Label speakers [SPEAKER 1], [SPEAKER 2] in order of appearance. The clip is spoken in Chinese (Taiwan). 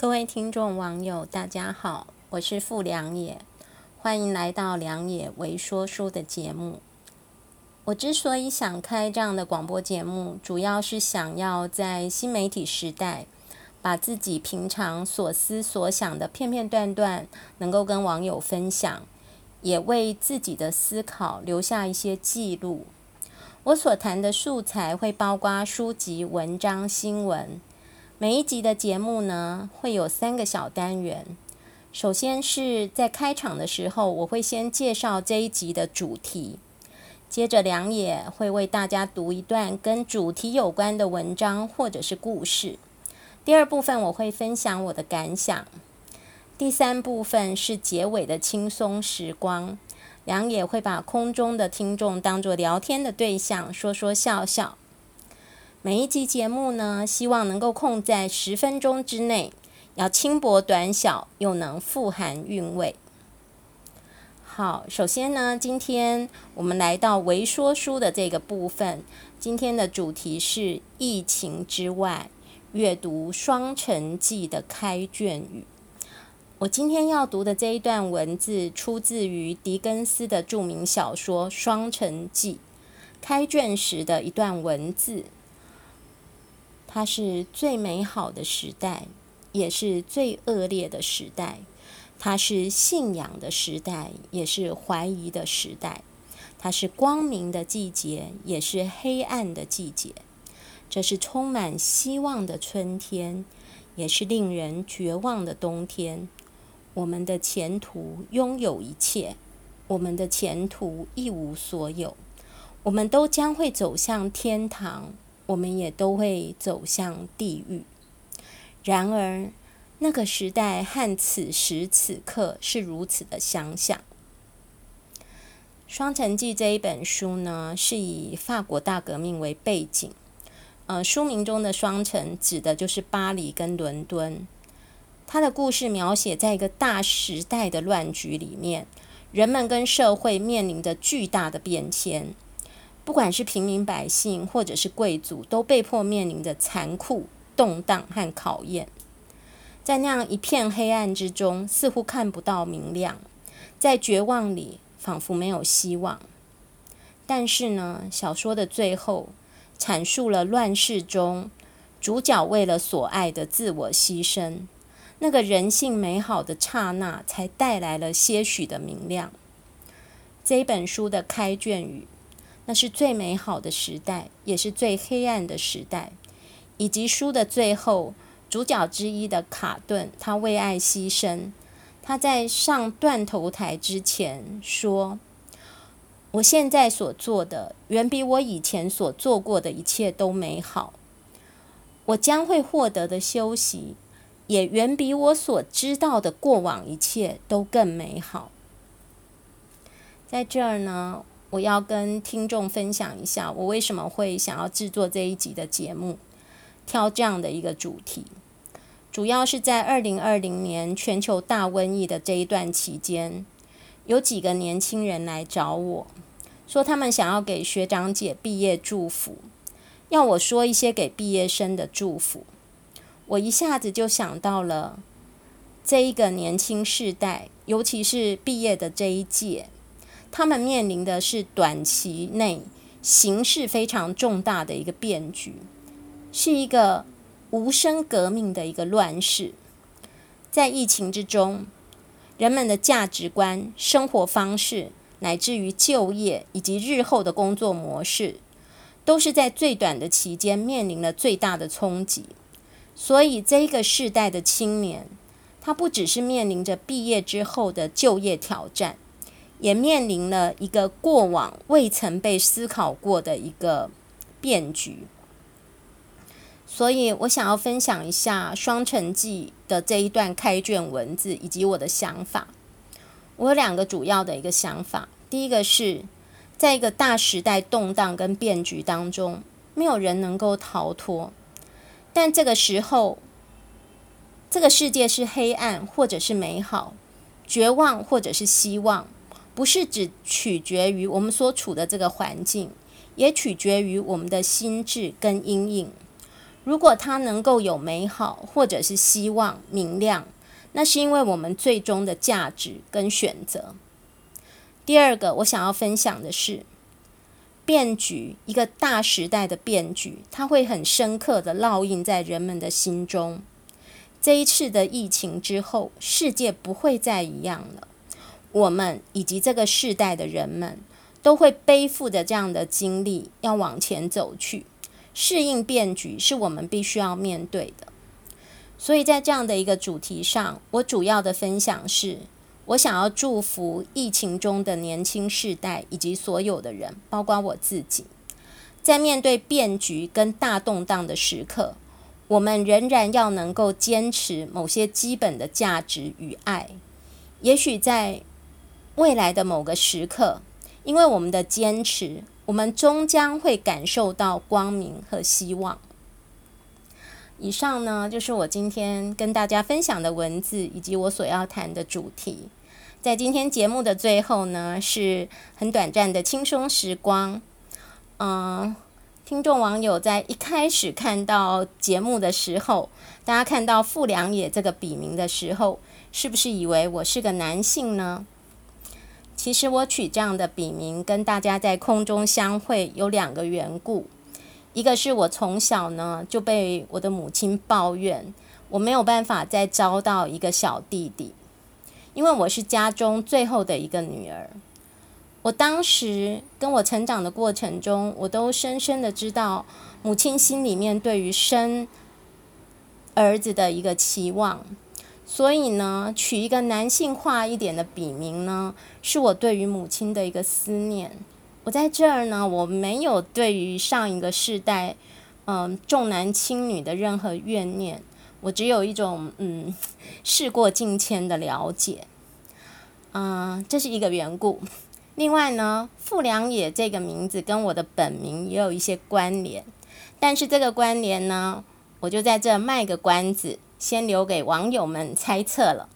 [SPEAKER 1] 各位聽眾、網友，大家好，我是傅良也，歡迎來到良也微說書的節目。我之所以想開這樣的廣播節目，主要是想要在新媒體時代，把自己平常所思所想的片片段段能夠跟網友分享，也為自己的思考留下一些記錄。我所談的素材會包括書籍、文章、新聞。每一集的節目呢，會有三個小單元。首先是在開場的時候，我會先介紹這一集的主題，接着良也會為大家讀一段跟主題有關的文章或者是故事。第二部分我會分享我的感想，第三部分是結尾的輕鬆時光，良也會把空中的聽眾當作聊天的對象，說說笑笑。每一集節目呢，希望能夠控在十分鐘之內，要輕薄短小，又能富含韻味。好，首先呢，今天我們來到微說書的這個部分。今天的主題是疫情之外，閱讀《雙城記》的開卷語。我今天要讀的這一段文字，出自於狄更斯的著名小說《雙城記》，開卷時的一段文字。它是最美好的時代，也是最惡劣的時代；它是信仰的時代，也是懷疑的時代；它是光明的季節，也是黑暗的季節。這是充滿希望的春天，也是令人絕望的冬天。我們的前途擁有一切，我們的前途一無所有。我們都將會走向天堂。我們也都會走向地獄。然而，那個時代和此時此刻是如此的相像。《雙城記》這一本書呢，是以法國大革命為背景。呃，書名中的“雙城”指的就是巴黎跟倫敦。它的故事描寫在一個大時代的亂局裡面，人們跟社會面臨着巨大的變遷。不管是平民百姓，或者是貴族，都被迫面臨着殘酷、動盪和考驗。在那樣一片黑暗之中，似乎看不到明亮，在絕望裡仿佛沒有希望。但是呢，小說的最後闡述了亂世中主角為了所愛的自我犧牲，那個人性美好的剎那，才帶來了些許的明亮。這本書的開卷語。那是最美好的時代，也是最黑暗的時代。以及書的最後，主角之一的卡頓，他為愛犧牲。他在上斷頭臺之前說：“我現在所做的，遠比我以前所做過的一切都美好。我將會獲得的休息，也遠比我所知道的過往一切都更美好。”在這兒呢。我要跟聽眾分享一下，我為什麼會想要制作這一集的節目，挑這樣的一個主題，主要是在二零二零年全球大瘟疫的這一段期間，有幾個年輕人來找我說，他們想要給學長姐畢業祝福，要我說一些給畢業生的祝福。我一下子就想到了這一個年輕世代，尤其是畢業的這一屆。他們面臨的是短期內形勢非常重大的一個變局，是一個無聲革命的一個亂世。在疫情之中，人們的價值觀、生活方式，乃至於就業以及日後的工作模式，都是在最短的期間面臨了最大的衝擊。所以，這個世代的青年，他不只是面臨着畢業之後的就業挑戰。也面臨了一個過往未曾被思考過的一個變局，所以我想要分享一下《雙城記》的這一段開卷文字以及我的想法。我有兩個主要的一個想法，第一個是在一個大時代動盪跟變局當中，沒有人能夠逃脫。但這個時候，這個世界是黑暗，或者是美好；絕望，或者是希望。不是只取決於我們所處的這個環境，也取決於我們的心智跟因應。如果它能夠有美好，或者是希望、明亮，那是因為我們最終的價值跟選擇。第二個，我想要分享的是變局，一個大時代的變局，它會很深刻的烙印在人們的心中。這一次的疫情之後，世界不會再一樣了。我們以及這個世代的人們，都會背負着這樣的經歷，要往前走去，適應變局，是我們必須要面對的。所以在這樣的一個主題上，我主要的分享是我想要祝福疫情中的年輕世代，以及所有的人，包括我自己，在面對變局跟大動盪的時刻，我們仍然要能夠堅持某些基本的價值與愛。也許在未來的某個時刻，因為我們的堅持，我們終將會感受到光明和希望。以上呢，就是我今天跟大家分享的文字，以及我所要談的主題。在今天節目的最後呢，是很短暫的輕鬆時光。嗯，聽眾網友在一開始看到節目的時候，大家看到傅良也這個筆名的時候，是不是以為我是個男性呢？其實我取這樣的筆名，跟大家在空中相會有兩個緣故，一個是我從小呢就被我的母親抱怨我沒有辦法再招到一個小弟弟，因為我是家中最後的一個女兒。我當時跟我成長的過程中，我都深深的知道母親心裡面對於生兒子的一個期望。所以呢，取一個男性化一點的筆名呢，是我對於母親的一個思念。我在這兒呢，我沒有對於上一個世代，嗯、呃，重男輕女的任何怨念，我只有一種嗯，事過境遷的了解，啊、呃，這是一個緣故。另外呢，傅良也這個名字跟我的本名也有一些關聯，但是這個關聯呢，我就在這賣個關子。先留給網友們猜測了。